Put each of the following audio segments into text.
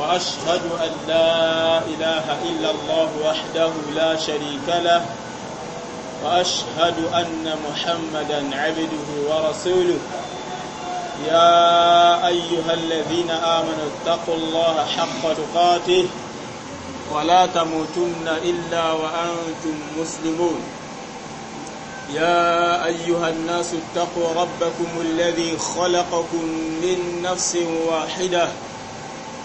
واشهد ان لا اله الا الله وحده لا شريك له واشهد ان محمدا عبده ورسوله يا ايها الذين امنوا اتقوا الله حق تقاته ولا تموتن الا وانتم مسلمون يا ايها الناس اتقوا ربكم الذي خلقكم من نفس واحده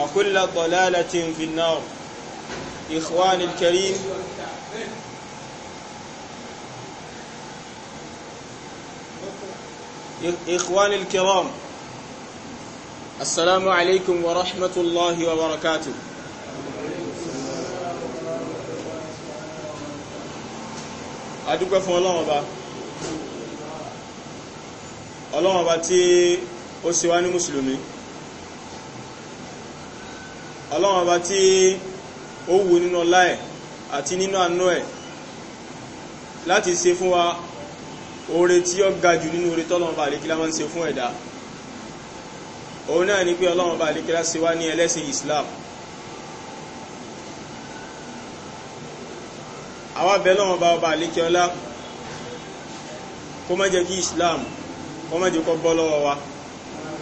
وكل ضلالة في النار إخواني الكريم إخواني الكرام السلام عليكم ورحمة الله وبركاته adúgbẹ́ fún ọlọ́run ọba ọlọ́run ọba tí ó ṣe wá ní mùsùlùmí ọlọ́run ọba tí ó wù nínú ọlá ẹ̀ àti nínú àánú ẹ̀ láti ṣe fún wa oore tí ó ga jù nínú oore tọ́lọ́run bá àlékílá máa ń ṣe fún ẹ̀dá òun náà ni pé ọlọ́run bá àlékílá ṣe wá ní ẹlẹ́sìn Islam àwa bẹ̀ lọ́wọ́n bá ọba àlékíọlá kó má jẹ́ kí Islam kó má jẹ́ kó bọ́ lọ́wọ́ wa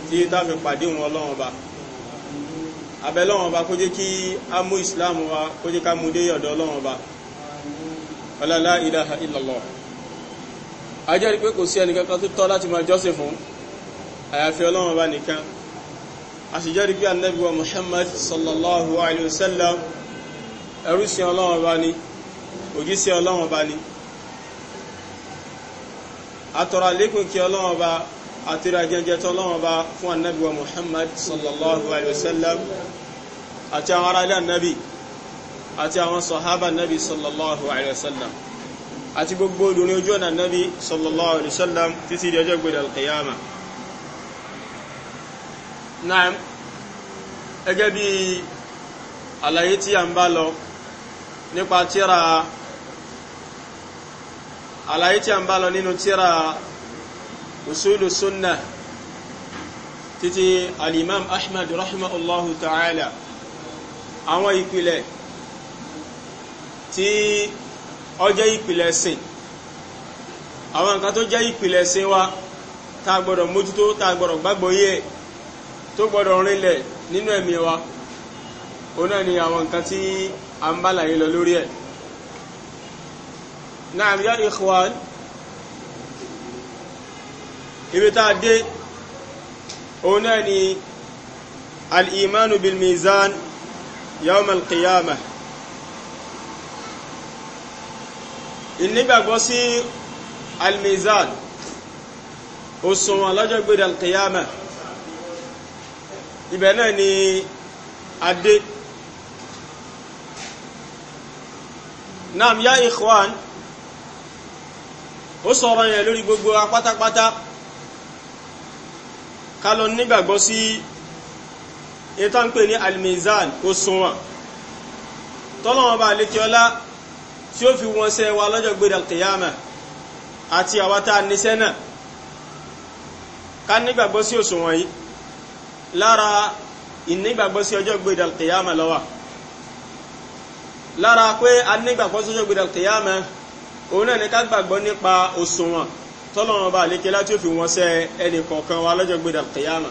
tí tá fi pàdé òun ọlọ́run bá abẹ́lọ́wọ́n ọba kó jẹ́ kí a mú islam wa kó jẹ́ ká mú dé ọ̀dọ̀ ọlọ́wọ́n ọba ọlọ́lá ilaha illallah a jẹ́rìí pé kò sí ẹnìkan kan tó tọ́ láti máa jọ́sìn fún àyàfi ọlọ́wọ́n ọba nìkan àtìrà jẹjẹ tọ́lọ́wọ́n ọba fún ànábì muhammad sallallahu alayhi wa àti àwọn ará ilé ànábì àti àwọn sọ̀hábà ànábì sallallahu alayhi wa sallam àti gbogbo obìnrin ojú ọ̀nà ànábì sallallahu alayhi wa sallam títí di ọjọ́ gbèrè alkiyama náà gẹ́gẹ́ bí àlàyé tí a ń bá lọ nípa tíra àlàyé tí a ń bá lọ nínú tíra usulu sunnah títí alimam ahmad rahimahullahu ta'ala àwọn ìpìlẹ̀ tí ó jẹ́ ìpìlẹ̀ sìn àwọn nǹkan tó jẹ́ ìpìlẹ̀ sìn wa tá a gbọ́dọ̀ mójútó tá a gbọ́dọ̀ gbàgbọ́ yé tó gbọ́dọ̀ rinlẹ̀ nínú ẹ̀mí wa òun náà ni àwọn nǹkan tí a ń bàlàyé lọ lórí ẹ̀ náà ibi tá dé òun náà ni al-imanu bil mizan yawm al-qiyamah ìnígbàgbọ́ sí al-mizan òṣùwọ̀n lọ́jọ́ gbèrè al-qiyamah ibẹ̀ náà ni adé naam ya ikhwan ó sọ̀rọ̀ yẹn lórí gbogbo apátápátá ká lọ nígbàgbọ́ sí ìtọ́ ń pè ní almizan òṣùwọ̀n tọ́lọ́wọ́n bá lè kí ọlá tí ó fi wọn ṣe wa lọ́jọ́ gbé dàkìyàmà àti àwátá níṣẹ́ náà ká nígbàgbọ́ sí òṣùwọ̀n yìí lára ìnígbàgbọ́ sí ọjọ́ gbé dàkìyàmà lọ́wà lára pé a nígbàgbọ́ sí ọjọ́ gbé dàkìyàmà òun náà ní ká gbàgbọ́ nípa òṣùwọ̀n tọ́lọ́wọ́n bá lè kí ọlá tí ó fi wọn ṣe ẹnì kọ̀ọ̀kan wa lọ́jọ́ gbé dàkìyàmà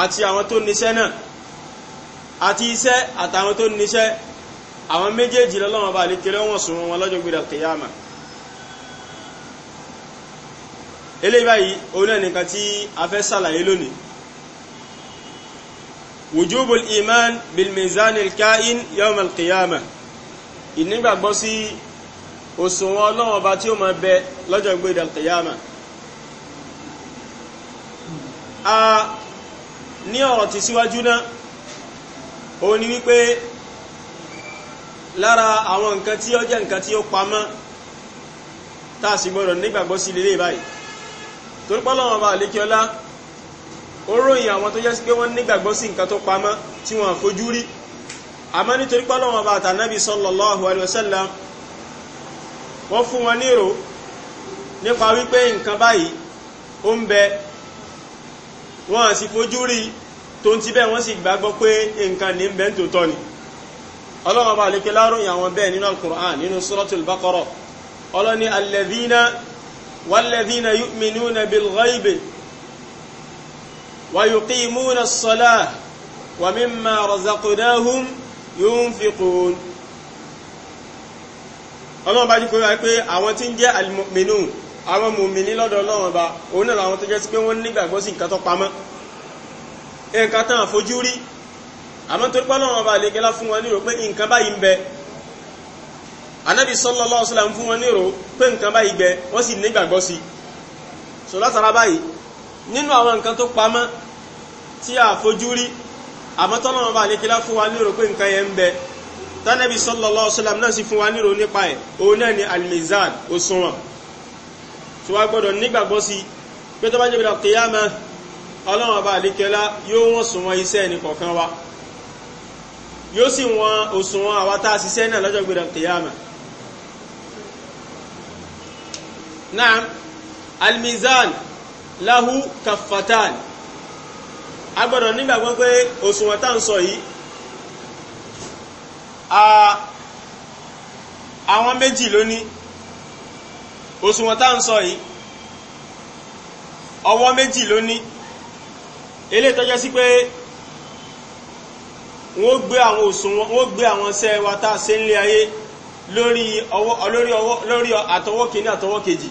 àti àwọn tó níṣẹ́ náà àti iṣẹ́ àtàwọn tó níṣẹ́ àwọn méjèèjì lọ́lọ́wọ́n bá lè kéré wọn sùn wọn lọ́jọ́ gbéra kìyàmà eléyìí báyìí òun náà nìkan tí a fẹ́ sàlàyé lónìí wujubul iman bil mizanil kain yawm al qiyama ìnígbàgbọ́ sí òṣùwọ̀n ọlọ́wọ́n ọba tí ó máa bẹ lọ́jọ́ gbéra kìyàmà ní ọ̀rọ̀ ti síwájú náà ó ní wípé lára àwọn nǹkan tí ó jẹ́ nǹkan tí ó pamọ́ táà sì gbọ́dọ̀ nígbàgbọ́ sí lélẹ̀ báyìí torí pọ́lọ́wọ́n bá lékiọlá ó ròyìn àwọn tó jẹ́ sí pé wọ́n nígbàgbọ́ sí nǹkan tó pamọ́ tí wọ́n fojú rí àmọ́ nítorí pọ́lọ́wọ́n bá wọ́n sì fojú rí tó ń ti bẹ́ẹ̀ wọ́n sì gbàgbọ́ pé nǹkan ní bẹ́ẹ̀ tó tọ́ ni ọlọ́run bá lékè láròyìn àwọn bẹ́ẹ̀ nínú al-Qur'an nínú suratul Baqara ọlọ́ni alladhina walladhina yu'minuna bil-ghaybi wa yuqimuna as-salah wa mimma razaqnahum yunfiqun ọlọ́run bá jí kó wá pé àwọn tí ń jẹ́ al àwọn mòmìnì lọ́dọ̀ ọlọ́run ọba òun náà làwọn tó jẹ́ sí pé wọ́n nígbàgbọ́ sí nǹkan tó pamọ́ nǹkan tán àfojú rí àmọ́ torí pé ọlọ́run ọba àlejò fún wọn nírò pé nǹkan báyìí ń bẹ anábì sallallahu alaihi wasallam fún wọn nírò pé nǹkan báyìí bẹ wọ́n sì nígbàgbọ́ sí so látara báyìí nínú àwọn nǹkan tó pamọ́ tí a fojú rí àmọ́ tọ́lọ́run ọba àlejò fún wa nírò pé nǹkan yẹn ń bẹ tánàbì sallallahu náà sì fún wa nírò nípa ẹ̀ òun náà ni almizan òṣùwọ̀n tí gbọdọ nígbàgbọ́ sí pé tó bá jẹ́ bídà kìyàmá ọlọ́run ọba àdékẹ́lá yóò wọ́n sùnwọ̀n iṣẹ́ ẹni kọ̀ọ̀kan wa yóò sì wọ́n òṣùwọ̀n àwa tá náà lọ́jọ́ gbọ́dọ̀ kìyàmá náà almizan lahu kaffatan a gbọ́dọ̀ nígbàgbọ́ pé òṣùwọ̀n tá ń sọ yìí ọwọ́ méjì ló ní eléyìí tó sí pé wọ́n gbé àwọn òṣùwọ̀n wọ́n gbé àwọn iṣẹ́ wa tá a ṣe nílé ayé lórí àtọwọ́ kìíní àtọwọ́ kejì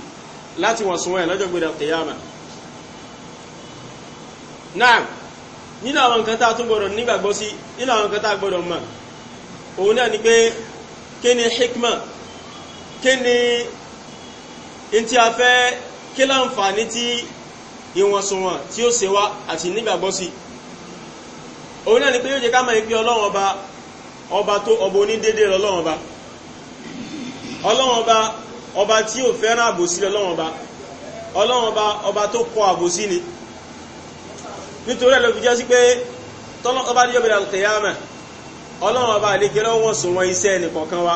láti wọ̀n sunwọ̀n ẹ̀ lọ́jọ́ gbé kìyàmà náà nínú àwọn nǹkan tún nígbàgbọ́ sí in tí a fẹ́ kí láǹfààní tí ìwọ̀nsùnwọ̀n tí ó ṣe wá àti nígbàgbọ́ sí òun náà ni pé yóò jẹ́ ká mọ̀ ìpé ọlọ́run ọba ọba tó ọba onídéédé lọ́lọ́run ọba ọlọ́run ọba ọba tí ò fẹ́ràn àbòsí lọ́lọ́run ọba ọlọ́run ọba ọba tó kọ àbòsí ni nítorí ẹ̀ ló fi jẹ́ sí pé tọ́lọ́ ọba ní ọbẹ̀rẹ̀ àlùkìyàmẹ̀ ọlọ́run ọba àlejò lọ́wọ́ òṣùwọ̀n iṣẹ́ ẹnìkọ̀ọ̀kan wa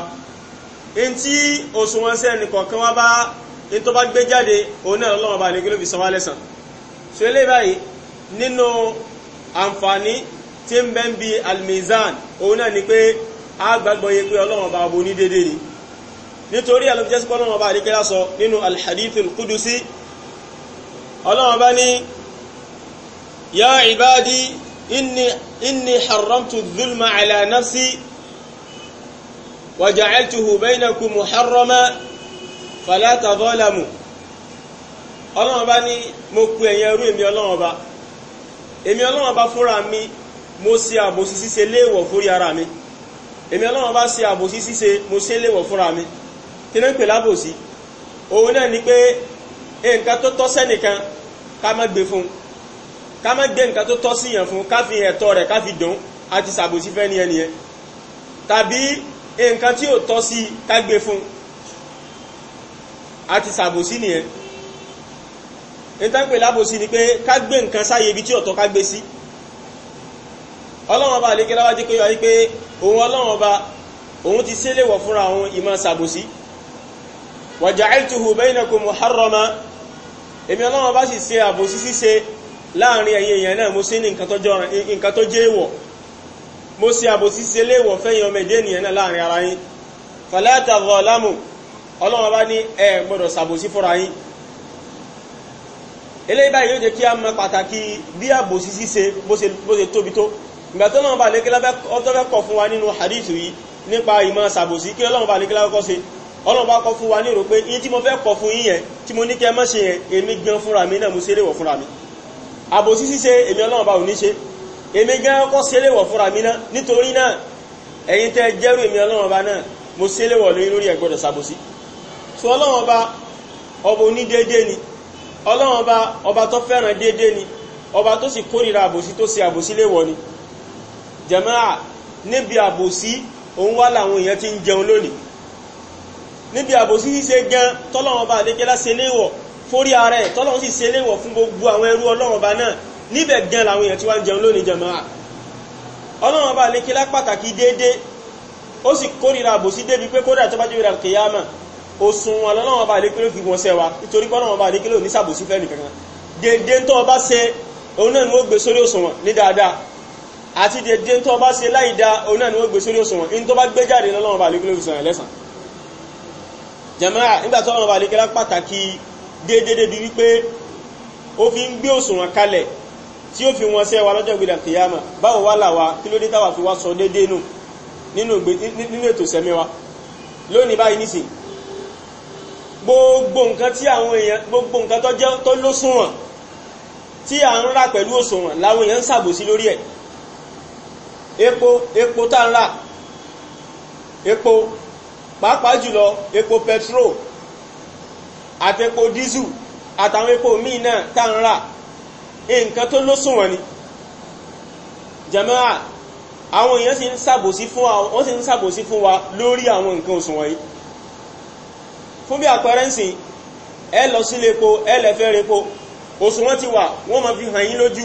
èyí tí òṣùwọ̀n iṣẹ́ ẹnìkọ̀ọ̀kan wa bá ní tó bá gbé jáde òun náà lọ́wọ́ bá lẹ́gbẹ́ ló fi sanwó lẹ́sàn so eléyìí báyìí nínú àǹfààní tí ń bẹ ń bi almizan òun náà ni pé a gbàgbọ́ yẹ pé ọlọ́wọ́ bá bo ní dédé ni nítorí àlọ́jẹ́sí pé ọlọ́wọ́ bá lẹ́gbẹ́ lásọ nínú alhadithul kudusi ọlọ́wọ́ bá ní ya ibadi inni haramtu dhulma ala nafsi wa ja'altuhu bainakum muharrama fàlá tàbọ́làmù ọlọ́run bá ní mo ku ẹ̀yin ẹrú èmi ọlọ́run bá èmi ọlọ́run bá fúnra mi mo ṣe àbòsí ṣíṣe léèwọ̀ fórí ara mi èmi ọlọ́run bá ṣe àbòsí ṣíṣe mo ṣe léèwọ̀ fúnra mi kí ló ń pè lábòsí òun náà ni pé nǹkan tó tọ́ sẹ́nìkan ká má gbé fún ká má gbé nǹkan tó tọ́ síyàn fún ká fi ẹ̀tọ́ rẹ̀ ká fi dùn àti ṣàbòsí fẹ́ ni ẹni yẹn tàbí nǹkan tí ò tọ́ sí ká gbé fún a ti sàbòsí nìyẹn ìtànpè lábòsí ni pé ká gbé nǹkan sáyé ibi tí ọ̀tọ̀ ká gbé sí ọlọ́wọ́n ọba àlékẹ́ láwájú pé wáyé pé òun ọlọ́wọ́n ọba òun ti séléwọ̀ fúnra òun ìmọ̀ sàbòsí wa ja'altuhu bainakum muharrama èmi ọlọ́wọ́n ọba sì ṣe àbòsí ṣíṣe láàrin ẹ̀yin èèyàn náà mo ṣe ní nǹkan tó jẹ́ èèwọ̀ mo ṣe àbòsí ṣe léèwọ̀ fẹ́yìn ọmọ ẹ̀dẹ́ ènìyàn náà láàrin ara yín fala tazalamu ọlọ́run bá ní ẹ gbọ́dọ̀ ṣàbòsí fúnra yín eléyìí báyìí yóò jẹ́ kí a mọ pàtàkì bí àbòsí ṣíṣe bó ṣe tóbi tó ìgbà tó lọ́run bá lè kílá fẹ́ kọ̀ fún wa nínú hadith yìí nípa ìmọ̀ ṣàbòsí kí ọlọ́run bá lè kílá kọ́ ṣe ọlọ́run bá kọ́ fún wa ní ìrò pé yín tí mo fẹ́ kọ̀ fún yín yẹn tí mo ní kẹ́ má ṣe yẹn èmi gan fúnra mi náà mo ṣe léwọ̀ fúnra mi àbòsí ṣíṣe èmi ọlọ́run bá ò ní ṣe èmi gan kọ́ ṣe léwọ̀ fúnra mi náà nítorí náà ẹ̀yin tẹ́ jẹ́rù èmi ọlọ́run bá náà mo ṣe léwọ̀ lórí ẹ̀gbọ́dọ̀ ṣàbòsí so ọlọ́run ọba ọba onídéédé ni ọlọ́run ọba ọba tó fẹ́ràn déédé ni ọba tó sì kórìíra àbòsí tó ṣe àbòsí léwọ̀ ni jàmáà níbi àbòsí òun wá làwọn èèyàn ti ń jẹun lónìí níbi àbòsí ṣíṣe gan tọ́lọ́run ọba àdékẹ́lá ṣe léwọ̀ fórí ara ẹ̀ tọ́lọ́run sì ṣe léwọ̀ fún gbogbo àwọn ẹrú ọlọ́run ọba náà níbẹ̀ gan làwọn èèyàn ti wá ń jẹun lónìí jàmáà ọlọ́run ọba àdékẹ́lá pàtàkì déédé ó sì kórìíra àbòsí débi pé kódà tó bá jẹ́ ìrà kìyàmà òsùn wọn lọ́wọ́ bá lékélò fi wọn sẹ́wà nítorí pé Ọlọ́run bá lékélò ní sàbòsí fẹ́ nìkankan dèndé tó bá ṣe òun náà ni wọ́n gbé sórí òsùn wọn ní dáadáa àti dèndé tó bá ṣe láì dá òun náà ni wọ́n gbé sórí òsùn wọn ní tó bá gbé jáde lọ́wọ́ bá lékélò fi sàn lẹ́sàn jàmáà nígbà tó Ọlọ́run bá lékélò pàtàkì déédéé bí wípé ó fi ń gbé òsùn wọn kalẹ̀ tí ó fi wọn sẹ́wà lọ́jọ́ ìgbìdà kìyàmà báwo wá làwà kí ló dé táwà fi wá sọ déédéé nù nínú ètò sẹ́mi wa lónìí báyìí nísìnyí gbogbo nǹkan tí àwọn èèyàn gbogbo nǹkan tó jẹ́ tó lóṣùwọ̀n tí à ń rà pẹ̀lú òṣùwọ̀n láwọn èèyàn ń ṣàbòsí lórí ẹ̀ epo epo tá ń rà epo pàápàá jùlọ epo petrol àtẹpo dísù àtàwọn epo míì náà tá ń rà nǹkan tó lóṣùwọ̀n ni jamaa àwọn èèyàn sì ń ṣàbòsí fún wa lórí àwọn nǹkan òṣùwọ̀n yìí fún bí àpẹẹrẹ ń sìn ẹ lọ sílé epo ẹ lẹ́fẹ́ repo òṣùwọ̀n ti wà wọ́n máa fi hàn yín lójú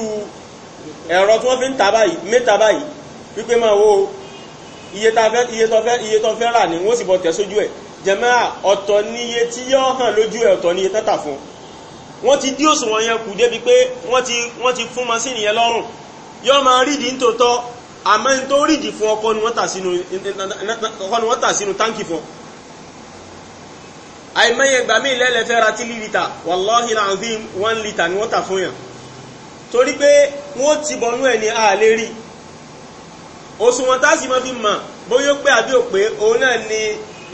ẹ̀rọ tí wọ́n fi ń ta báyìí mẹ́ta báyìí wípé máa wo iye tó fẹ́ rà ní wọ́n sì bọ̀ tẹ̀ sójú ẹ̀ jẹ̀mẹ́rà ọ̀tọ̀ ní iye tí yọ́ hàn lójú ẹ̀ ọ̀tọ̀ ní iye tẹ́tà fún wọ́n ti dí òṣùwọ̀n yẹn kù débi pé wọ́n ti fún masínì yẹn lọ́rùn yọ́ máa rídì ń tòótọ́ àmọ́ ní tó rídì fún ọkọ ni wọ́n tà sínú táǹkì fún ọ àìmọye ìgbà míì lẹ́lẹ̀ fẹ́ ra tí lílítà wàláhì láàrín one litre ni wọ́n tà fún yàn torí pé wọ́n ti bọnú ẹ̀ ní ààlé rí òṣùwọ̀n táàsì mọ́ fi mọ̀ bóyó pé àbí ò pé òun náà ni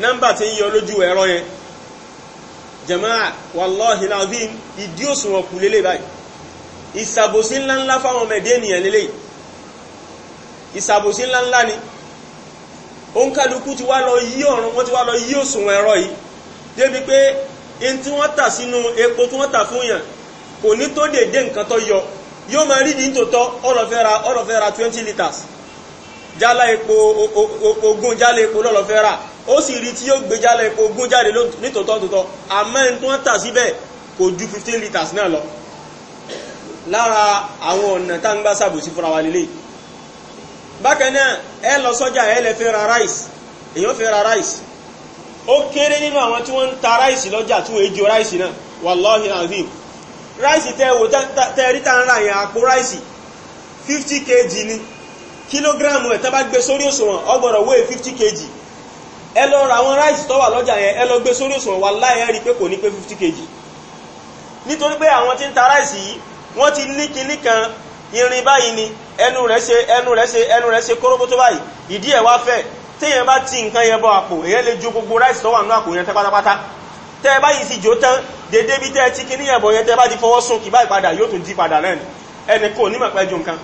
nọ́mbà tí ń yọ lójú ẹ̀rọ yẹn jàmáà wàláhì láàrín ìdí òṣùwọ̀n kù lélẹ̀ báyìí ìsàbòsí ńláńlá fáwọn ọmọ ẹ̀dẹ́ ènìyàn lélẹ̀ ìsàbòsí ńláńlá ni òun kálukú ti wá lọ yí ọ̀run wọ́n ẹ̀rọ yìí débi pé in tí wọ́n tà sínú epo tí wọ́n tà fún yàn kò ní tó dédé nǹkan tó yọ yóò máa rí ní tòótọ́ ọlọ́fẹ́ ra ọlọ́fẹ́ ra twenty litres jálá epo ogún jálá epo lọ́lọ́fẹ́ ra ó sì rí tí yóò gbé jálá epo ogún jáde ní tòótọ́ tòótọ́ àmọ́ in wọ́n tà síbẹ̀ kò ju fifteen litres náà lọ lára àwọn ọ̀nà tá ń gbá sàbòsí fúnra wa lélẹ̀ bákan náà ẹ lọ sọ́jà ẹ lè fẹ́ ra rice èèyàn fẹ́ ra rice ó kéré nínú àwọn tí wọ́n ń ta ráìsì lọ́jà tí wọ́n èjò ráìsì náà wàláhì azim ráìsì tẹ́wò tẹ́ríta ń ra yẹn àpò ráìsì 50 kg ní kílógíráàmù ẹ̀ tán bá gbé sórí òṣùwọ̀n ó gbọ́dọ̀ wé 50 kg ẹ lọ ra àwọn ráìsì tó wà lọ́jà yẹn ẹ lọ gbé sórí òṣùwọ̀n wàláhì ẹ rí pé kò ní pé 50 kg nítorí pé àwọn tí ń ta ráìsì yìí wọ́n ti ní kinní kan irin báyìí ni ẹnu rẹ̀ ṣe ẹnu rẹ̀ ṣe ẹnu rẹ̀ ṣe kóróbótó báyìí ìdí ẹ̀ wá fẹ́ẹ̀ téèyàn bá ti nǹkan yẹn bọ àpò èyàn lè ju gbogbo ráìsì tó wà nínú àpò yẹn tẹ pátápátá tẹ ẹ báyìí sì jó tán dédé bí tẹ ẹ ti kíní yẹn bọ yẹn tẹ bá ti fọwọ́ sùn kì báyìí yóò tún di padà náà ni ẹnì kò ní mọ̀pẹ́ ju nǹkan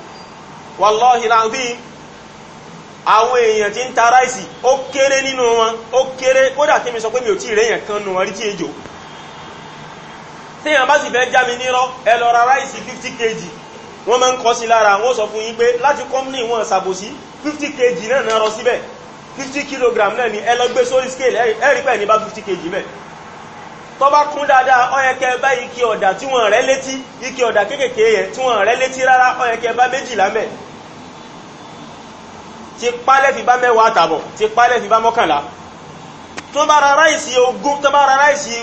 wàláhì láàbí àwọn èèyàn ti ń ta ráìsì ó kéré nínú wọn ó kéré kódà tí mi sọ pé mi ò tí ì kan nù wọn rí tí ejò téèyàn bá sì fẹ́ já mi nírọ́ ẹ lọ ra ráìsì fifty kg wọ́n máa ń kọ́ sí lára wọ́n sọ fún yín pé láti kọ́mínì wọn ṣàbòsí fifty kg náà náà rọ síbẹ̀ 50 kilogram náà ni ẹ lọ gbé sórí scale ẹ rí pẹ̀ ní bá fifty kg mẹ́ tó bá kún dáadáa ó yẹ kẹ́ bá ike ọ̀dà tí wọ́n rẹ́ létí ike ọ̀dà kéékèèké yẹn tí wọ́n rẹ́ létí rárá ó yẹ kẹ́ bá méjìlá mẹ́ ti pálẹ̀ fi bá mẹ́wàá àtàbọ̀ ti pálẹ̀ fi bá mọ́kànlá tó bá ra ráìsì ogún tó bá ra ráìsì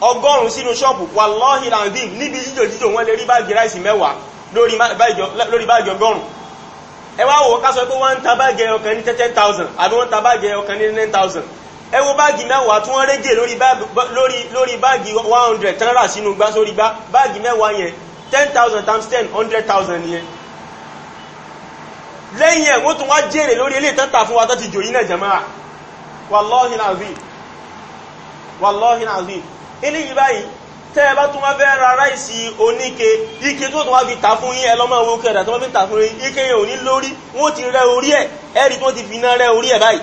ọgọ́rùn-ún sínú ṣọ́ọ̀bù wàlọ́hìlàndín níbi jíjò jíjò wọ́n lè rí báàgì ráìsì ẹ wá wò ká sọ pé wọ́n ń ta báàgì ọkàn ní ten thousand àbí ń ta báàgì ọkàn ní nine thousand ẹ wo báàgì mẹ́wàá tí lori bagi lórí báàgì one hundred tán sínú gbá sórí gbá báàgì yẹn ten thousand times ten hundred thousand yẹn lẹ́yìn ẹ̀ wọ́n tún wá jèrè lórí ilé tẹ́ta fún wa tó ti náà wà báyìí tẹ́ ẹ bá tún wá fẹ́ ra ráìsì oníke ike tó tún wá fi tà fún yín ẹ lọ́mọ owó kẹrẹ̀dà tó wá fi tà fún yín ike yẹn ò ní lórí wọ́n ti rẹ orí ẹ̀ ẹ̀rí tí wọ́n ti fi iná rẹ orí ẹ̀ báyìí.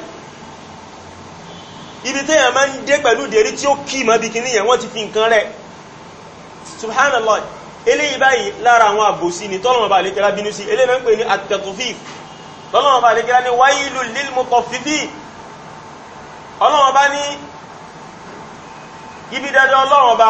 ibi téèyàn máa ń dé pẹ̀lú dèrí tí ó kì mọ́ bí kinní yẹn wọ́n ti fi nǹkan rẹ̀. subhanallah eléyìí báyìí lára àwọn àbòsí ni tọ́lọ́mọ bá àlékẹ́lá bínú sí eléyìí náà ń lil mutaffifin ọlọ́mọ bá ní ibi dandan ọlọ́run ọba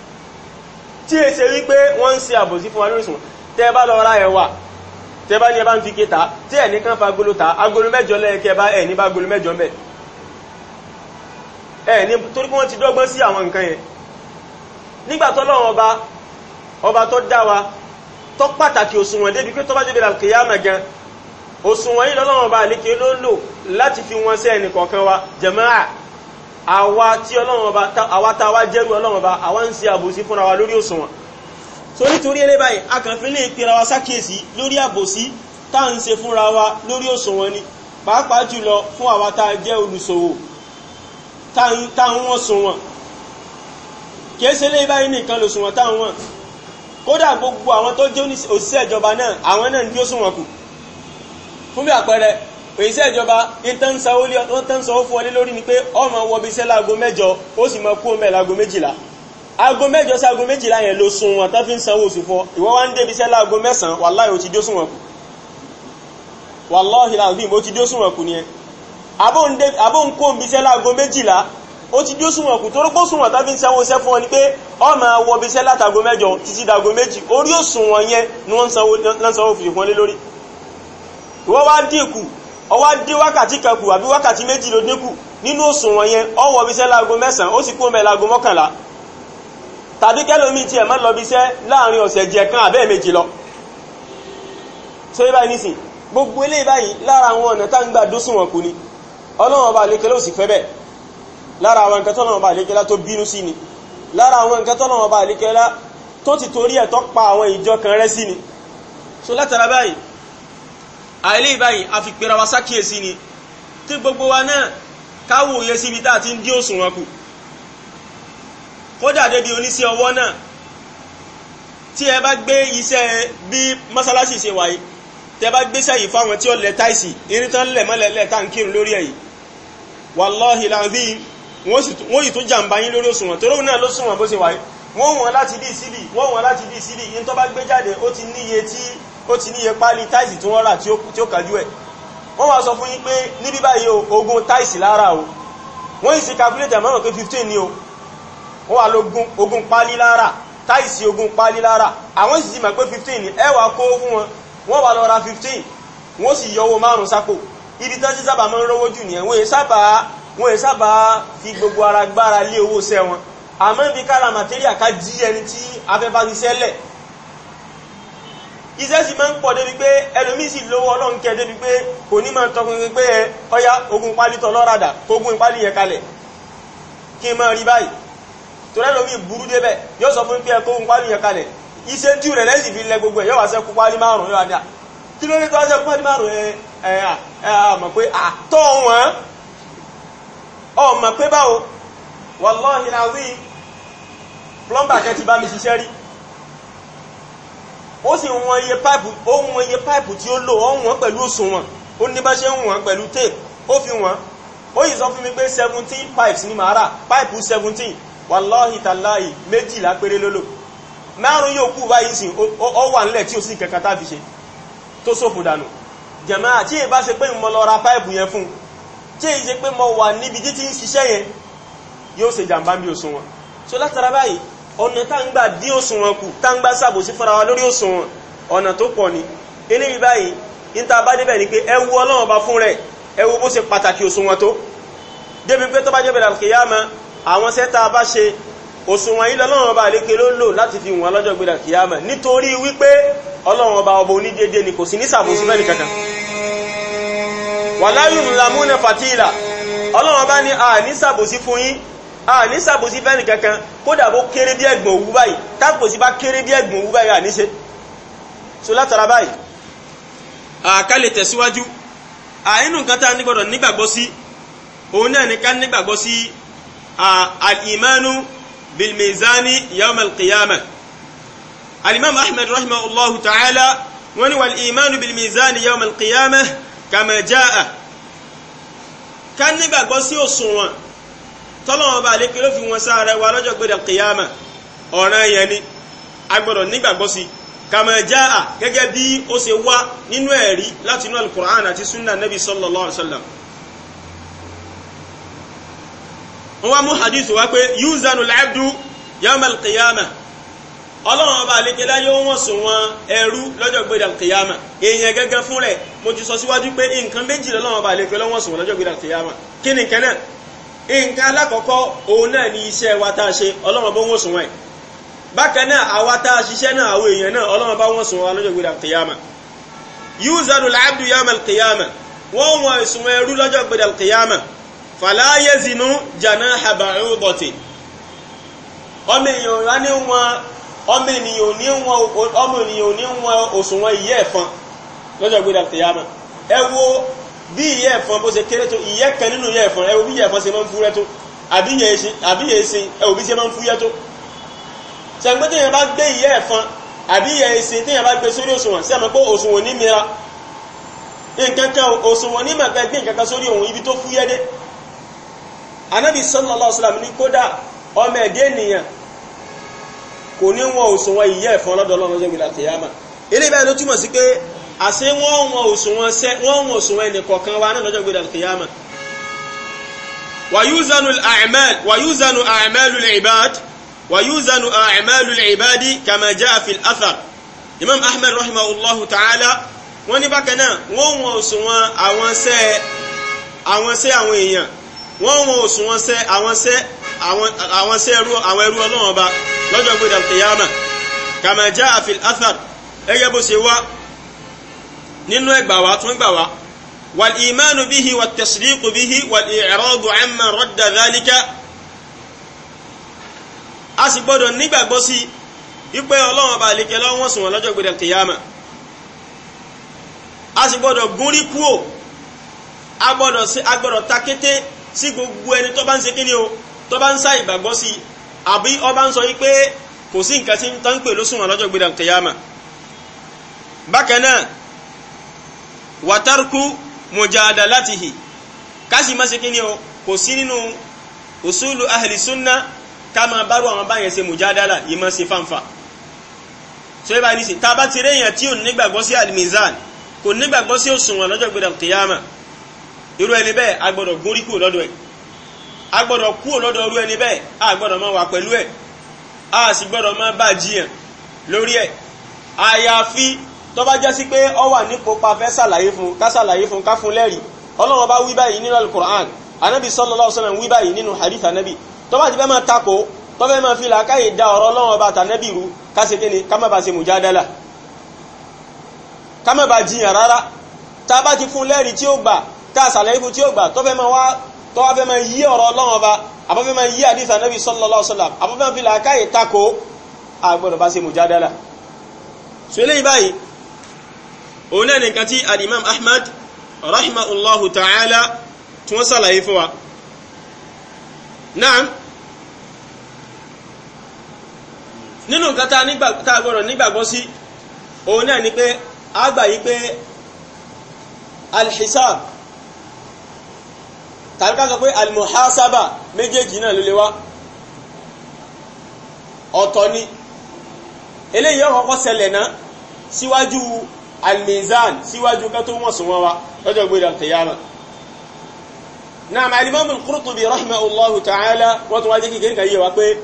tí è ṣe wípé wọ́n ń ṣe àbòsí fún wa lóríṣun tẹ́ bá lọ ra ẹ̀wà tẹ́ bá ní ẹ bá ń fi ké ta tí ẹ̀ nìkan fa agolo ta agolo mẹ́jọ lẹ́ẹ̀kẹ́ bá ẹ̀ ní bá agolo mẹ́jọ mẹ́ ẹ̀ ní torí pé wọ́n ti dọ́gbọ́n sí àwọn nǹkan yẹn nígbà tọ́lọ́run ọba ọba tó dá àwa tí ọlọ́run ọba àwa tá a wá jẹ́rú ọlọ́run ọba àwa ń ṣe àbòsí fúnra wa lórí òṣùwọ̀n so nítorí eré báyìí a kàn fi lè pera wa sákèsí lórí àbòsí tá à ń ṣe fúnra wa lórí òṣùwọ̀n ni pàápàá jùlọ fún àwa tá a jẹ́ olùṣòwò tá à ń wọ̀n sùnwọ̀n kìí ṣe lè báyìí nìkan lò sùnwọ̀n tá à ń wọ̀n kódà gbogbo àwọn òṣìṣẹ́ ìjọba ìtànsáwó fún ọlé lórí ni pé ọmọ wọbi iṣẹ́ láago mẹ́jọ ó sì mọ kú ọmọ ẹ̀ láago méjìlá aago mẹ́jọ sí aago méjìlá yẹn ló sun wọn tán fi ń sanwó oṣù fún ìwọ wá ń débi iṣẹ́ láago mẹ́sàn-án wàláhì ó ti jó sùn wọn kù wàláhì láàbí mo ti jó sùn wọn kù ni ẹ abó ń kó ń bi iṣẹ́ láago méjìlá ó ti jó sùn wọn kù torí kó sùn wọn tán fi ń sanwó iṣẹ́ fún ọ ni pé ọmọ wọbi iṣẹ́ látago mẹ́jọ títí dago méjì orí òsùn wọn yẹn ni wọ́n ń sanwó fìfún lé lórí ìwọ wá dínkù ó wá dé wákàtí kan kù àbí wákàtí méjì ló dínkù nínú òṣùwọ̀n yẹn ó wọ ibiṣẹ́ láago mẹ́sàn-án ó sì kú mẹ́ láago mọ́kànlá tàbí kẹ́lómi tiẹ̀ má lọ ibiṣẹ́ láàrin ọ̀sẹ̀ jẹ kan àbẹ́ẹ̀ méjì lọ so yí báyìí nísìn gbogbo eléyìí báyìí lára àwọn ọ̀nà tá ń gbà dóṣùwọ̀n kù ni ọlọ́run ọba àlékelé ò sì fẹ́ bẹ́ẹ̀ lára àwọn nǹkan tọ́lọ́run ọba àlékelá tó bínú sí ni lára àwọn nǹkan tọ́lọ́run ọba àlékelá tó ti torí ẹ̀ tó pa àwọn ìjọ kan rẹ́ sí ni so látara báyìí àìlè ìbáyìí a fi pera wa sákìyèsí ni tí gbogbo wa náà káwòye síbi tá a ti ń dín òṣùwọ̀n kù kódà débi oníṣẹ́ ọwọ́ náà tí ẹ bá gbé iṣẹ́ bí mọ́sálásì ṣe wáyé tẹ bá gbé sẹ́yìn fáwọn tí ó lẹ táìsì irin tán lẹ̀ mọ́lẹ̀ lẹ̀ tá ń kírun lórí ẹ̀yìn wàláhì láàbí wọ́n yìí tún jàǹbá yín lórí òṣùwọ̀n tó lóun náà ló súnwọ̀n bó ṣe wáyé wọ́n wọ̀n láti bí síbì wọ́n wọ̀n láti bí síbì yín tó bá gbé jáde ó ti níye tí ó ti níye páálí táìsì tí wọ́n rà tí ó kájú ẹ̀ wọ́n wá sọ fún yín pé níbí báyìí ogún táìsì lára o wọ́n yìí sí calculator mọ́ràn pé 15 ni o wọ́n wá lógún ogún páálí lára táìsì ogún páálí lára àwọn yìí sì mọ̀ pé 15 ni ẹ wá kó fún wọn wọ́n wá lọ ra 15 wọ́n sì yọ owó márùn sápò ibi tán sí sábà máa ń rówó jù nìyẹn wọ́n yìí sábà wọ́n yìí sábà fi gbogbo ara gbára lé owó sẹ́ wọn àmọ́ ibi kára material ká jí ẹni tí afẹ́fà ti sẹ́lẹ̀ iṣẹ́ sì máa ń pọ̀ débi pé ẹlòmí sì lówó ọlọ́run kẹ débi pé kò ní máa tọkùnrin pé ọya ogun pálí tọ lọ́ràdà kó gún ìpálí yẹn kalẹ̀ kí n máa rí báyìí tó lẹ́lòmí burú débẹ̀ yóò sọ fún pé ẹkọ ogun pálí yẹn kalẹ̀ iṣẹ́ tí rẹ̀ lẹ́sì fi lẹ gbogbo ẹ̀ yóò wá sẹ́kù pálí márùn yóò adá kí ló dé tó wá sẹ́kù pálí márùn ẹ ẹ àmọ̀ pé àtọ̀ wọn ọmọ pé báwo wallahi alazim plumber kẹ ti bá mi ṣiṣẹ́ rí ó sì wọn iye páìpù ó wọn iye páìpù tí ó lò ó wọn pẹ̀lú òṣùwọ̀n ó ní bá ṣe ń wọn pẹ̀lú tape ó fi wọn ó yìí sọ fún mi pé seventeen pipes ni màá rà páìpù seventeen wàláhì tàláhì méjìlá péré lólò márùn yóò kú báyìí sìn ó wà nílẹ̀ tí ó sì kankan tá a fi ṣe tó sófò dànù jẹ̀mọ́ àti èyí bá ṣe pé mo lọ ra páìpù yẹn fún un tí èyí ṣe pé mo wà níbi títí ń ṣiṣẹ́ yẹn yóò ṣe jàǹbá bí òṣùwọ̀n so látara báyìí ọ̀nà táǹgbà dí òṣùwọ̀n kù táǹgbà sàbòsí fúnra wa lórí òṣùwọ̀n ọ̀nà tó pọ̀ ni eléyìí báyìí níta bá débẹ̀ ni pé ẹwu ọlọ́run bá fún rẹ̀ ẹwu bó ṣe pàtàkì òṣùwọ̀n tó débi pé tó bá jẹ́ bẹ̀rẹ̀ kìyàmá àwọn sẹ́ta bá ṣe òṣùwọ̀n yìí lọ́lọ́run bá léke ló lò láti fi wọ́n lọ́jọ́ gbéra kìyàmá nítorí wípé ọlọ́run bá ọba onídéédé ni kò sí ní sàbòsí fẹ́ni kankan wàláyùn lamúnẹ fatila ọlọ́run bá ní a ní sàbòsí fún yín a ní sàbòsí fẹ́ni kankan kódà bó kéré bí ẹ̀gbọ̀n òwú báyìí tábòsí bá kéré bí ẹ̀gbọ̀n òwú báyìí àníṣe so látara báyìí àkálẹ̀ tẹ̀síwájú àínú nǹkan tá a ní gbọ́dọ̀ nígbàgbọ́ sí òun náà ní ká nígbàgbọ́ sí al-imanu bilmizani yawm al-qiyama al-imam ahmed rahimahullahu ta'ala wọ́n ní wal-imanu bilmizani yawm al ká nígbàgbọ́ sí òṣùwọ̀n tọ́lọ́wọ́n bá lè kí ló fi wọn sára wa lọ́jọ́ gbẹ̀dẹ̀ kìyàmà ọ̀ràn yẹn ni a gbọ́dọ̀ nígbàgbọ́ sí kàmá já a gẹ́gẹ́ bí ó ṣe wá nínú ẹ̀rí láti inú alukur'an àti sunna nabi sallallahu alayhi wa sallam. wọ́n wá mú hadith wá pé yuzanu al-abdu yawm al-qiyamah ọlọ́run ọba yóò wọ́n sùn wọn ẹrú lọ́jọ́ gbéra kìyàmà èèyàn gẹ́gẹ́ fún rẹ̀ mo ti sọ síwájú pé nǹkan méjì lọ́lọ́run ọba àlekela wọ́n sùn lọ́jọ́ gbéra kìyàmà kí ni kẹ́nẹ́ nǹkan alákọ̀ọ́kọ́ òun náà ni iṣẹ́ wa tá a ṣe ọlọ́run bó wọ́n sùn wọ́n ẹ̀ bákan náà àwa tá a ṣiṣẹ́ náà àwọn èèyàn náà ọlọ́run bá wọ́n sùn lọ́jọ́ gbéra kìyàmà yúzàdù làbdù yàmà kìyàmà wọ́n ìsùn ẹrú lọ́jọ́ kìyàmà fàlàyé zinú jàná bọ̀tì ọmọ wọn wọn ìyẹ́ ẹ̀fọn lọ́jọ́ kìyàmà ẹ bí ìyẹ́ ẹ̀fọn bó ṣe kéré tó ìyẹ́ kan nínú ìyẹ́ ẹ̀fọn ẹwọ bí ìyẹ́ ẹ̀fọn ṣe máa ń fúrẹ́ tó àbí ìyẹ́ ẹṣin ẹwọ bí ṣe máa ń fúyẹ́ tó ṣàgbé téèyàn bá gbé ìyẹ́ ẹ̀fọn àbí ìyẹ́ ẹṣin téèyàn bá gbé sórí òṣùwọ̀n sí àmọ́ pé òṣùwọ̀n ní mìíràn nǹkan kan òṣùwọ̀n ní màgbẹ́ gbé nǹkan kan sórí òun ibi tó fúyẹ́ dé anábì sallallahu alaihi wasallam ní kódà ọmọ ẹ̀dẹ́ ènìyàn kò ní wọn òṣùwọ̀n ìyẹ́ ẹ̀fọn lọ́dọ̀ ọlọ́run ọjọ́ ìgbìlà kìyàmà eléyìí báyìí ló túmọ̀ sí pé àṣé wọ́n wọn òṣùwọ̀n sẹ́ wọ́n wọn òṣùwọ̀n ẹnìkọ̀ọ̀kan wa náà lọ́jọ́ gbéra kìyàmà wàyúzanu àmẹ́l wàyúzanu àmẹ́lù ìbád wàyúzanu àmẹ́lù ìbádi kàmájá àfil athar imam ahmed rahimahullahu ta'ala wọ́n ní bákan náà wọ́n wọn òṣùwọ̀n àwọn sẹ́ àwọn sẹ́ àwọn èèyàn wọ́n wọn òṣùwọ̀n sẹ́ àwọn sẹ́ àwọn sẹ́ ẹrú àwọn ẹrú ọlọ́wọ́n ba lọ́jọ́ gbéra kìyàmà kàmájá àfil athar ẹgẹ́ bó ṣe wá nínú ẹgbà wa tún gbà wa wal imanu bihi wa tasdiqu bihi wal i'radu amma radda dhalika a sì gbọ́dọ̀ nígbàgbọ́ sí ipe ọlọ́run ọba àlekẹ́ lọ́wọ́ sùn wọn lọ́jọ́ gbẹdẹ kìyàmà a sì gbọ́dọ̀ gúnrí kúò a gbọ́dọ̀ a gbọ́dọ̀ ta kété sí gbogbo ẹni tó bá ń o tó bá ń sá ìgbàgbọ́ sí àbí ọba kò sí nǹkan tí ń tán pè lóṣùwọ̀n bákan náà wàtàrkù mujadalatihi káṣí má ṣe kí ni o kò sí nínú usulu ahli sunna ká máa bá rú àwọn báyẹn ṣe mujadala yìí máa ṣe fàǹfà so yìí bá ní sè tá a bá ti rí èèyàn tí ò nígbàgbọ́ sí alimizan kò nígbàgbọ́ sí òṣùwọ̀n lọ́jọ́ gbẹdẹ kìyàmà irú ẹni bẹ́ẹ̀ a gbọ́dọ̀ gúnrí kúrò lọ́dọ̀ ẹ̀ a gbọ́dọ̀ kúrò lọ́dọ̀ irú ẹni bẹ́ẹ̀ a gbọ́dọ̀ máa wà pẹ̀lú ẹ̀ a sì gbọ́dọ̀ máa bá jiyàn lórí ẹ̀ àyàfi tó bá jẹ́ sí pé ọ wà nípò pa fẹ́ ṣàlàyé fún ká ṣàlàyé fún ká fún lẹ́rìí ọlọ́run bá wí báyìí nínú alukur'an anabi sallallahu alaihi wasallam wí báyìí nínú hadith anabi tó bá ti fẹ́ máa takò tó fẹ́ máa fi làákàyè da ọ̀rọ̀ ọlọ́run bá tànẹ́bì rú ká ṣe kéne ká má ba ṣe mùjádálà ká má ba jiyàn rárá tá a bá ti fún lẹ́rìí tí ó gbà tá a fún tí ó gbà tó fẹ́ máa wá anabi sallallahu alaihi wasallam àbọ̀ fẹ́ máa fi làákàyè takò àgbọ̀dọ̀ bá ṣe mùjádálà òun náà nìkan tí alimam ahmad rahimahullahu ta'ala tí wọ́n sàlàyé fún wa náà nínú nǹkan tá a gbọ́dọ̀ nígbàgbọ́ sí òun náà ni pé a gbà yí pé alhisab tàbí ká pé almuhasaba méjèèjì náà ló lè wá ọ̀tọ̀ ni eléyìí ọ̀kọ̀ọ̀kọ̀ ṣẹlẹ̀ náà síwájú almizan síwájú ká tó wọ́n sùnwọ́n wa lọ́jọ́ gbé dàn kìyàmà naam al-imam al-qurtubi rahimahullahu ta'ala wọ́n tún wájú kékeré kan yé wa pé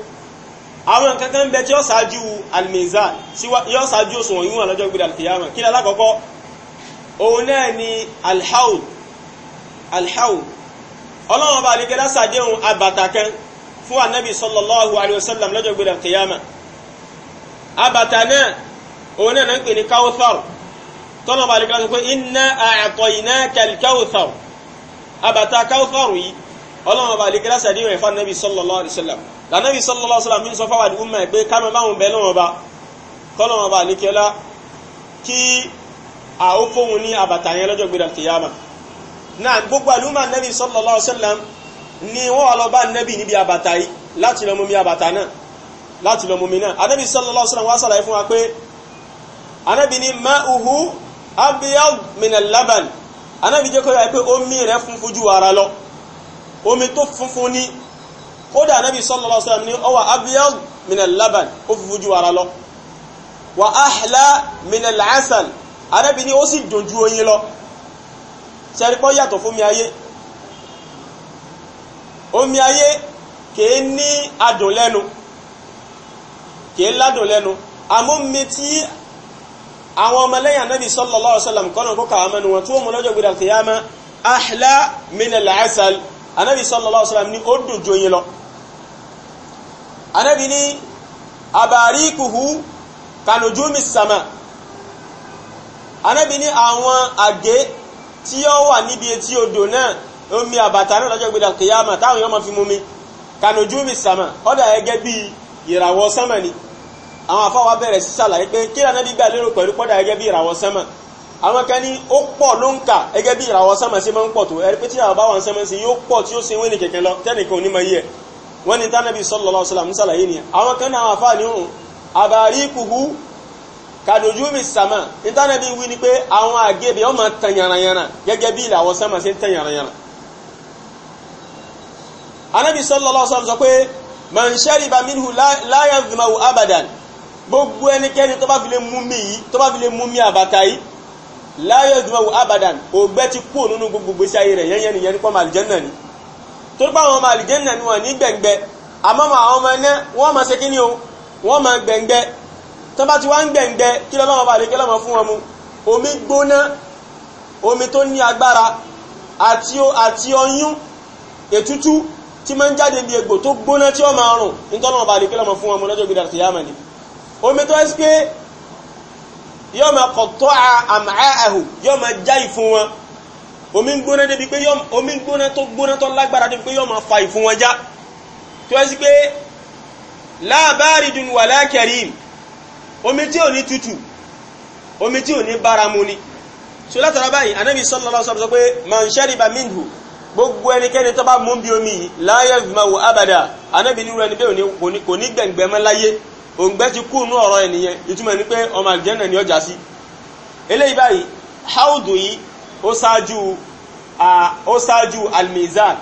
àwọn nǹkan kan bẹ tí yóò ṣáájú almizan yóò ṣáájú òṣùwọ̀n yíwọ̀n lọ́jọ́ gbé dàn kìyàmà kí ni alákọ̀ọ́kọ́ òun náà ni alhaul alhaul ọlọ́wọ́n bá alikẹ́lá sàdéhùn abàtà kan fún anabi sallallahu alayhi wa sallam lọ́jọ́ gbé dàn kìyàmà abàtà náà òun náà ń pè kawthar tọ́nà bá alìkà sọ pé inna a'tainaka al-kawthar abàtà kawthar yìí ọlọ́run bá alìkà sàdíwẹ̀ fún anabi sallallahu alayhi wa sallam lànàbí sallallahu alayhi wa sallam mi sọ fáwọn àdìgún mẹ́ pé kámẹ́ báwọn bẹ́ẹ̀ lọ́wọ́ bá kọ́lọ́run bá alìkà lá kí àwọn fóun ní abàtà yẹn lọ́jọ́ gbéra kìyàmà náà gbogbo àlùmọ̀ anabi sallallahu alayhi wa sallam ni wọ́n wà lọ bá anabi níbi abàtà yìí láti lọ mú mi abàtà náà láti lọ mú mi náà anabi sallallahu alayhi wa sallam abiyad minal laban anábi jẹ́ kó yà pé omi rẹ̀ funfun ju ara lọ omi tó funfun ní kódà anábi sallallahu alaihi wasallam ní ó wà abiyad minal laban ó funfun ju ara lọ wà áhìlá minal asal anábi ní ó sì dùn ju oyin lọ ṣẹ́rípọ́ yàtọ̀ fún mi ayé omi ayé kìí ní adùn lẹ́nu kìí ládùn mi tí àwọn ọmọlẹ́yìn anábì sallallahu alaihi wasallam kọ́nà kó kàwá mẹ́nu wọn tí ó mú lọ́jọ́ gbéra kìyàmá ahla min al-asal anábì sallallahu alaihi wasallam ní ó dùn ju oyin lọ anábì ní abarikuhu kanujumi sama anábì ní àwọn àgé tí ó wà níbi etí odò náà omi àbàtà náà lọ́jọ́ gbéra kìyàmá táwọn yóò àwọn afáwa bẹ̀rẹ̀ sí sàlàyé pé kí lànà bí gbà lérò pẹ̀lú pọ́dà gẹ́gẹ́ bí ìràwọ̀ sánmà àwọn kan ní ó pọ̀ ló ń kà gẹ́gẹ́ bí ìràwọ̀ sánmà sí máa ń pọ̀ tó ẹ̀rí pé tí àwọn báwọn sánmà sí yóò pọ̀ tí ó ṣe wẹ́nì kẹ̀kẹ́ lọ tẹ́nìkan ò ní mọ yẹ wọ́n ní tánàbí sallallahu alaihi sàlàyé ni àwọn kan náà àfáà ní òun àbárí kùhú kàdójú mi sàmà ní tánàbí wí ni pé àwọn àgébẹ̀ ọmọ tàn yànnàyànnà gẹ́gẹ́ bí ìràwọ̀ sánmà sí tàn yànnàyànnà anábì sallallahu alaihi sọ pé man shariba minhu la yadhmau abadan gbogbo ẹnikẹ́ni tó bá fi lè mú mi yìí tó bá fi lè mú mi àbàtà yìí láyé ìdúnmọ̀wò abadan ògbẹ́ ti kú nínú gbogbo gbèsè ayé rẹ̀ yẹn yẹn nìyẹn nípa màlìjẹ́nà ni torí pé àwọn ọmọ àlìjẹ́nà ni wọ́n ní gbẹ̀ngbẹ́ àmọ́ àwọn ọmọ ẹ̀nẹ́ wọ́n máa ṣe kí ni o wọ́n máa gbẹ̀ngbẹ́ tó bá ti wá ń gbẹ̀ngbẹ́ kí lọ́wọ́ bá lè kí lọ́wọ́ fún wọn mu omi gbóná omi tó ní agbára àti àti ọyún ètútú tí máa ń jáde bí egbò tó gbóná tí ó máa rùn nítorí wọn omi tó ẹ́sí pé yóò máa kọ̀tọ́ àmàáhù yóò máa já ìfún wọn omi gbóná débi pé omi gbóná tó gbóná tó lágbára débi pé yóò máa fa ìfún wọn já tó ẹ́sí pé la baridun wala karim omi tí ò ní tutù omi tí ò ní báramu ni so látara báyìí anábì sallallahu alaihi wasallam sọ pé man shariba minhu gbogbo ẹnikẹ́ni tó bá mú bí omi yìí la yazmau abada anábì nírú ẹni bẹ́ẹ̀ kò ní gbẹ̀ngbẹ̀mọ́ láyé òǹgbẹ́ ti kú nú ọ̀rọ̀ ènìyàn ìtumọ̀ ní pé ọmọ àlìjẹ́nà ni ọjà sí eléyìí báyìí haudu yìí ó ṣáájú ó ṣáájú almizan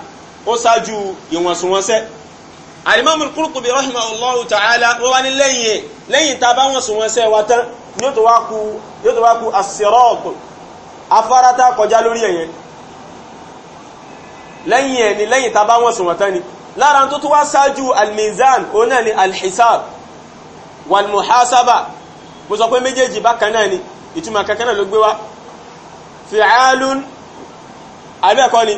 ó ṣáájú ìwọ̀nsùnwọ̀nsẹ́ alimami Qurtubi rahimahullahu ta'ala wọ́n wá ní lẹ́yìn lẹ́yìn tá a bá wọ̀nsùnwọ̀nsẹ́ wa tán yóò tó wá ku yóò tó wá ku asirọ́ọ̀tù afárá tá kọjá lórí ẹ̀yẹn lẹ́yìn ẹ̀ ni lẹ́yìn tá bá wọ̀nsùnwọ̀n wàlmùhásábà mo sọ pé méjèèjì bákan náà ni ìtumọ̀ kankan náà ló gbé wá fi'alun abẹ́ẹ̀kọ́ ni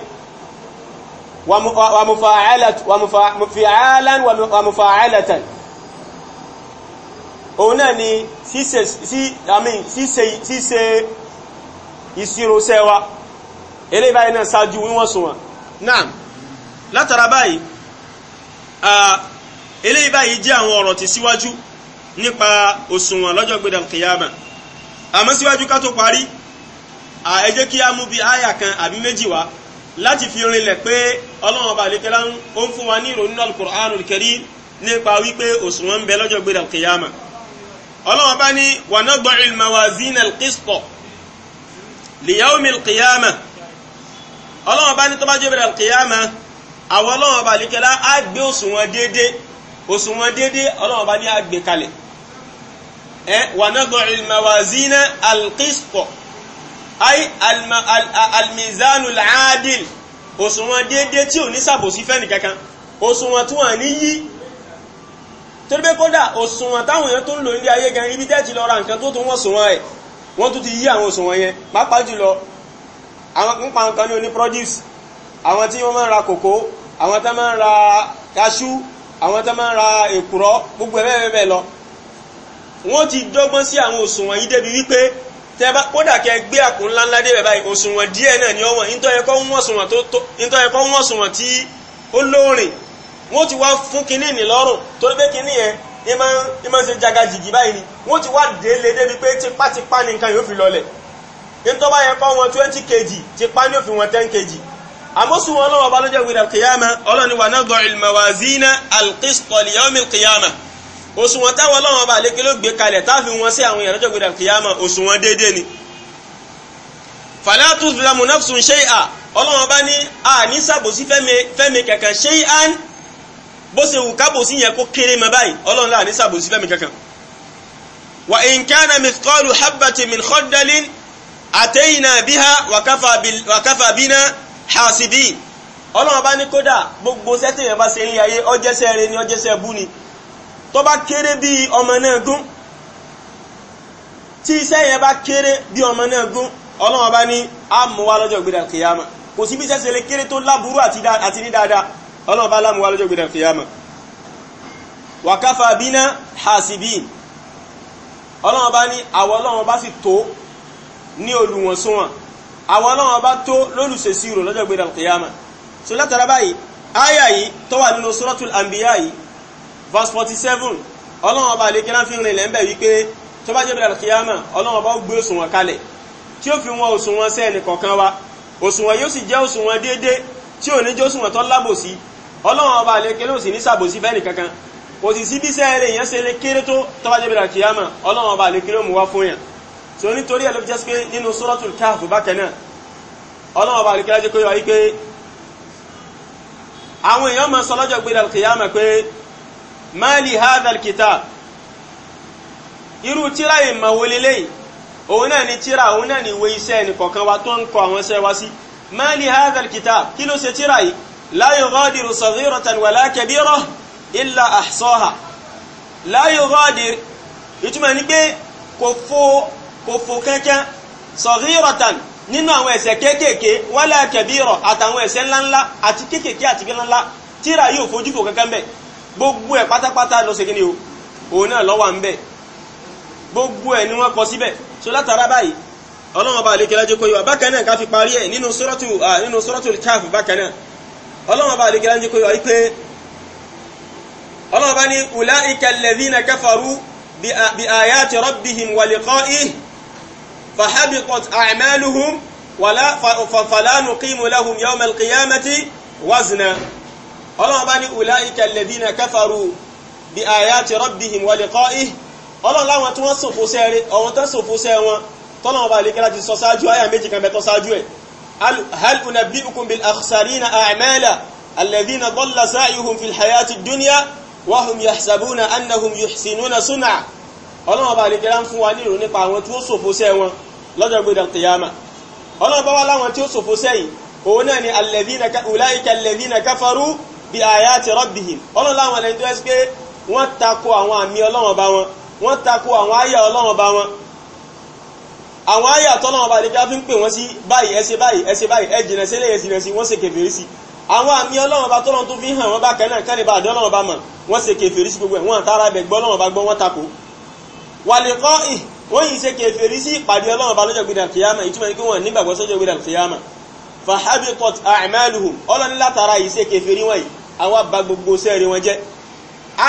fi'alan wa mufa'alatan òun náà ni ṣíṣe ìṣirúṣẹ́ wa eléyìí báyìí náà ṣáájú wíwọ́n sùn wọn náà látara báyìí ah, eléyìí báyìí jẹ́ àwọn ọ̀rọ̀ tí síwájú si nípa òṣùwọ̀n lọ́jọ́ gbẹdẹ̀ kìyàmà àmọ́ síwájú ká tó parí ẹ jẹ́ kí a mú bí àyà kan àbí méjì wá láti fi rinlẹ̀ pé ọlọ́run ọba àlekẹ́lá ó ń fún wa ní ìròyìn náà Al-Qur'anul Karim nípa wípé òṣùwọ̀n ń bẹ lọ́jọ́ gbẹdẹ̀ kìyàmà ọlọ́run ọba ní wa nad'il mawazina al-qista li yawmil qiyamah ọlọ́run ọba ní tó bá jẹ́ gbẹdẹ̀ kìyàmà àwọn ọlọ́run ọba àlekẹ́lá á gbé òṣùwọ̀n déédéé òṣùwọ̀n déédéé ọlọ́run ọba ní á gbé kalẹ̀ ونضع الموازين القسط أي الميزان العادل òṣùwọ̀n déédéé tí ò ní sàbòsí fẹ́ nìkankan òṣùwọ̀n tí wọ́n ní yí tó lé kódà òṣùwọ̀n táwọn èèyàn tó ń lò ní ayé gan ibi tẹ́ẹ̀tì lọ ra nǹkan tó tún wọ́n sùnwọ̀n ẹ̀ wọ́n tún ti yí àwọn òṣùwọ̀n yẹn pàápàá jùlọ àwọn pípa nǹkan ní oní produce àwọn tí wọ́n máa ra kòkó àwọn tó máa ra kaṣú àwọn tó máa ra èkùrọ́ gbogbo ẹ̀ bẹ́ẹ̀ wọ́n ti dọ́gbọ́n sí àwọn òṣùwọ̀n yìí débi wípé tẹ́bá kódà kẹ gbé àpò ńlá ńlá dé bàbá òṣùwọ̀n díẹ̀ náà ni ọwọ́n ìtọ́yẹkọ́ wọ́n òṣùwọ̀n tí ó lóòrìn wọ́n ti wá fún kinní ní lọ́rùn torí pé kinní yẹn ní máa ń ṣe jaga jìgì báyìí ni wọ́n ti wá délé débi pé tipátipá ní nǹkan yóò fi lọlẹ̀ ìtọ́bá yẹn wọn twenty kg tipá ní òfin wọn ten kg àmọ́sùn wọn lọ́wọ́ bá lọ́jọ́ ìwé ọlọ́ni wà náà gbọ́ ìlmọ̀wàzínà alqisṭ li yawm alqiyamah òṣùwọ̀n táwọn ọlọ́run ọba àlékè ló gbé kalẹ̀ táàfin wọn sí àwọn ìyànjọ́ gbé dàkíyàmọ̀ òṣùwọ̀n déédéé ni fàlàtú zulamu nafsun ṣéyà ọlọ́run ọba ní àní sàbòsí fẹ́mi kankan ṣéyà bó ṣe wù kábòsí yẹn kó kéré mọ́ báyìí ọlọ́run láàní sàbòsí fẹ́mi kankan wa in kana mithqalu habbati min khardalin atayna biha wa kafa bil wa kafa bina hasibin ọlọ́run ọba ní kódà gbogbo sẹ́tìmẹ̀ bá ṣe ń lé ayé rẹ ni ọjẹ́sẹ́ bú ni tó bá kéré bí ọmọ náà gún tí iṣẹ́ yẹn bá kéré bí ọmọ náà gún ọlọ́wọ́n bá ní àmúwá lọ́jọ́ ìgbéra kìyàmà kò sí bí iṣẹ́ ṣe lè kéré tó láburú àti ní dáadáa ọlọ́wọ́n bá lámúwá lọ́jọ́ ìgbéra kìyàmà wàkáfà bíná hasibin ọlọ́wọ́n bá ní àwọn ọlọ́wọ́n bá sì tó ní olùwọ̀nsúnwọ̀n àwọn ọlọ́wọ́n bá tó lólùṣèṣirò lọ́jọ́ ìgbéra kìyàmà so látara báyìí áyà yìí tó wà nínú suratul anbiya yìí verse forty seven ọlọ́run ọba àlekí láfi rìn lẹ́ńbẹ̀ wípé tó bá jẹ́ bí alkiyama ọlọ́run ọba ó gbé òṣùwọ̀n kalẹ̀ tí ó fi wọn òṣùwọ̀n sí ẹnì kọ̀ọ̀kan wa òṣùwọ̀n yóò sì jẹ́ òṣùwọ̀n déédéé tí ò ní jẹ́ òṣùwọ̀n tó lábòsí ọlọ́run ọba àlekí ló sì ní sàbòsí fẹ́ẹ̀nì kankan kò sì sí bí sẹ́ẹ̀rẹ̀ èèyàn ṣe lè kéré tó tó bá jẹ́ bí alkiyama ọlọ́run ọba àlekí ló mú wá fún yàn tí ó nítorí ẹ̀ ló fi jẹ́ pé nínú suratul Kahf bákan náà ọlọ́run ọba àlekí lájẹ́ pé àwọn èèyàn máa sọ lọ́jọ́ gbé alkiyama pé ma li hadha alkitab irú tíra ìmọ̀wọlélẹ́ yìí òun náà ni tíra òun náà ni ìwé iṣẹ́ ẹnìkọ̀ọ̀kan wa tó ń kọ àwọn iṣẹ́ wa sí ma li hadha alkitab kí ló ṣe tíra yìí la yughadiru saghiratan wala kabiratan illa ahsaha la yughadir ìtumọ̀ ní pé kò fò kankan saghiratan nínú àwọn ẹ̀ṣẹ̀ kéékèèké wala kabiratan àtàwọn ẹ̀ṣẹ̀ ńláńlá àti kéékèèké àti ńláńlá tíra yóò fojú fò kankan bẹ́ẹ̀ gbogbo ẹ̀ pátápátá ló ṣe kíni o òun náà ló wà ń bẹ̀ gbogbo ẹ̀ ni wọ́n kọ síbẹ̀ so látara báyìí ọlọ́run ọba àlékelá jẹ́ kó yé wa bákan náà ká fi parí ẹ̀ nínú sọ́rọ́tù nínú sọ́rọ́tù káàfù bákan náà ọlọ́run ọba àlékelá jẹ́ kó yé wa wípé ọlọ́run ọba ní ulaika alladhina kafaru bi ayati rabbihim wa liqa'ihi fahabiqat a'maluhum wala fala nuqimu lahum yawma alqiyamati wazna ọlọ́run bá ní ulaika alladhina kafaru bi ayati rabbihim wa liqa'ih ọlọ́run láwọn tí wọ́n sòfò sẹ́ rẹ̀ ọ̀wọ́n tán sòfò sẹ́ wọn tọ́lọ́run bá lè kí láti sọ sáájú àyà méjì kan bẹ̀ sáájú ẹ̀ ọlọ́run bá wá láwọn tí ó sòfò sẹ́yìn òun náà ni alladhina ulaika alladhina kafaru bí ayati rabbihim ọlọ́run láwọn ẹni tó ẹ́sì pé wọ́n tako àwọn àmì ọlọ́run ọba wọn wọ́n tako àwọn àyà ọlọ́run ọba wọn àwọn àyà tọ́lọ́run ọba lè fi ń pè wọ́n sí báyìí ẹ ṣe báyìí ẹ ṣe báyìí ẹ jìnà sí eléyẹ jìnà sí wọ́n ṣe sí àwọn àmì ọlọ́run ọba tọ́lọ́run tó fi hàn wọ́n bá kẹ́nà kẹ́nì bá ọlọ́run ọba mọ̀ wọ́n ṣe fahabikot a'maluhum ọlọ́ni látara ìṣe kèfèrí wọ̀nyí àwọn bá gbogbo sẹ́ẹ̀rí wọn jẹ́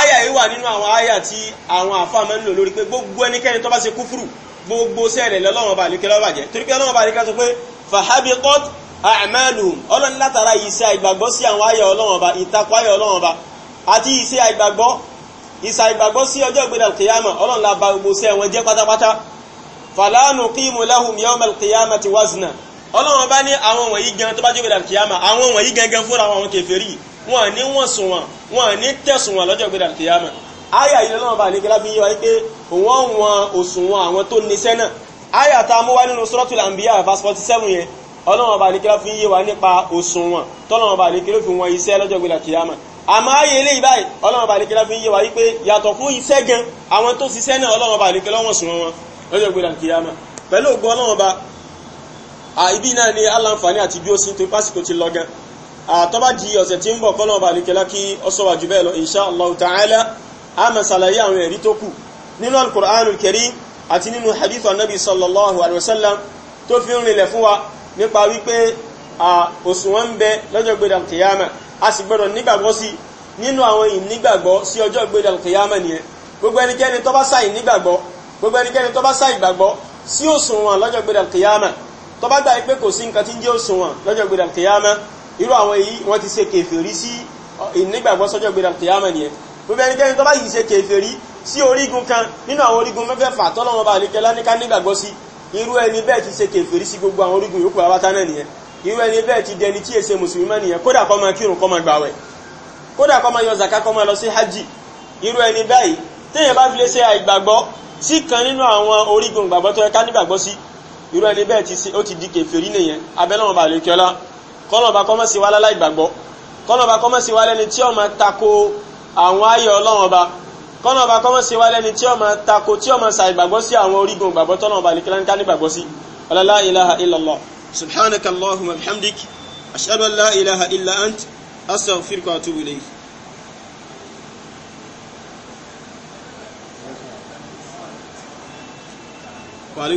àyà yìí wà nínú àwọn àyà tí àwọn àfáà máa ń lò lórí pé gbogbo ẹnikẹ́ni tó bá ṣe kúfùrù gbogbo sẹ́ẹ̀rí lọ́lọ́wọ́n bá lékelé ọba jẹ́ torí pé bá lékelé sọ pé fahabikot a'maluhum ọlọ́ni látara ìṣe àìgbàgbọ́ sí àwọn àyà ọlọ́wọ́n bá ìtakò àyà ọlọ́wọ́n bá àti ìṣe àìgbàgbọ́ ìṣe àìgbàgbọ́ sí ọjọ́ ìgbéra kìyàmà ọlọ́run la gbogbo sẹ́ẹ̀ wọn jẹ́ pátápátá falanu qimu lahum yawmal qiyamati wazna ọlọ́run bá ní àwọn wọ̀nyí gan tó bá jókòó dàbí kìyàmà àwọn wọ̀nyí gangan fúnra wọn kèfèrí wọn ní wọ́n sùn wọn wọn ní tẹ̀sùn wọn lọ́jọ́ gbẹdàbí kìyàmà àyà yìí lọ́wọ́ bá nígbà fi yíwa wípé wọ́n wọn òṣùwọ̀n àwọn tó níṣẹ́ náà àyà tá a mú wá nínú Suratul Anbiya verse forty seven yẹn ọlọ́wọ́n bá nígbà fi yíwa nípa òṣùwọ̀n tọ́lọ́wọ́n bá nígbà fi wọn iṣẹ́ lọ́jọ́ gbẹdàbí kìyàmà àmọ́ ayé ilé ìbáyìí ọlọ́run bá nìkẹ́lá fi ń yé wa wípé yàtọ̀ fún iṣẹ́ gan àwọn tó ṣiṣẹ́ náà ọlọ́run bá nìkẹ́lá wọ̀n sùn wọn lọ́jọ́ ìgbéra kìyàmá pẹ̀lú ògbó ọlọ́run bá ibi náà ni aláǹfààní àti dúró sí tó pásìkò ti lọ gan tó bá di ọ̀sẹ̀ tí ń bọ̀ kọ́nà ọba àlekẹ́lá kí ó sọ̀wà jù bẹ́ẹ̀ lọ insha allah ta'ala a máa ṣàlàyé àwọn ẹ̀rí tó kù nínú alukur'anul karim àti nínú hadith anabi sallallahu alayhi wa sallam tó fi ń rinlẹ̀ fún wa nípa wípé òṣùwọ̀n ń bẹ lọ́jọ́ gbé dàlùkìyàmà a sì gbọ́dọ̀ nígbàgbọ́ sí nínú lọ́jọ́ gbé dàlùkìyàmà tó bá gbà pé kò sí nǹkan tí ń jẹ́ òṣùwọ̀n lọ́jọ́ gbéra kìyàmá irú àwọn èyí wọ́n ti ṣe kèfèrí sí ìnígbàgbọ́ sọ́jọ́ gbéra kìyàmá nìyẹn gbogbo ẹnikẹ́ni tó bá yìí ṣe kèfèrí sí orígun kan nínú àwọn orígun mẹ́fẹ̀ẹ̀fà tọ́lọ́wọ́n bá àlékẹ́ láníká nígbàgbọ́ sí irú ẹni bẹ́ẹ̀ ti ṣe kèfèrí sí gbogbo àwọn orígun yòókù abátá náà nìyẹn irú ẹni bẹ́ẹ̀ ti dẹni tí èsè mùsùlùmí nìyẹn kódà kó máa kírun kó máa ká nígbàgbọ́ sí irú ẹni bẹ́ẹ̀ ti ó ti di kèfèrí nìyẹn abẹ́lọ́wọ̀n bá lè kíọ́lá kọ́nàbà kọ́mọ́ sí wa lálá ìgbàgbọ́ kọ́nàbà kọ́mọ́ sí wa lẹ́ni tí ó máa tako àwọn ayọ̀ Ọlọ́run Ọba kọ́nàbà kọ́mọ́ sí wa lẹ́ni tí ó máa tako tí ó máa sa ìgbàgbọ́ sí àwọn orígun ìgbàgbọ́ tọ́nà bá lè kíọ́lá ní gbàgbọ́ sí la ilaha illallah subhanakallahumma bihamdik ashhadu an la ilaha illa ant astaghfiruka wa atubu ilayk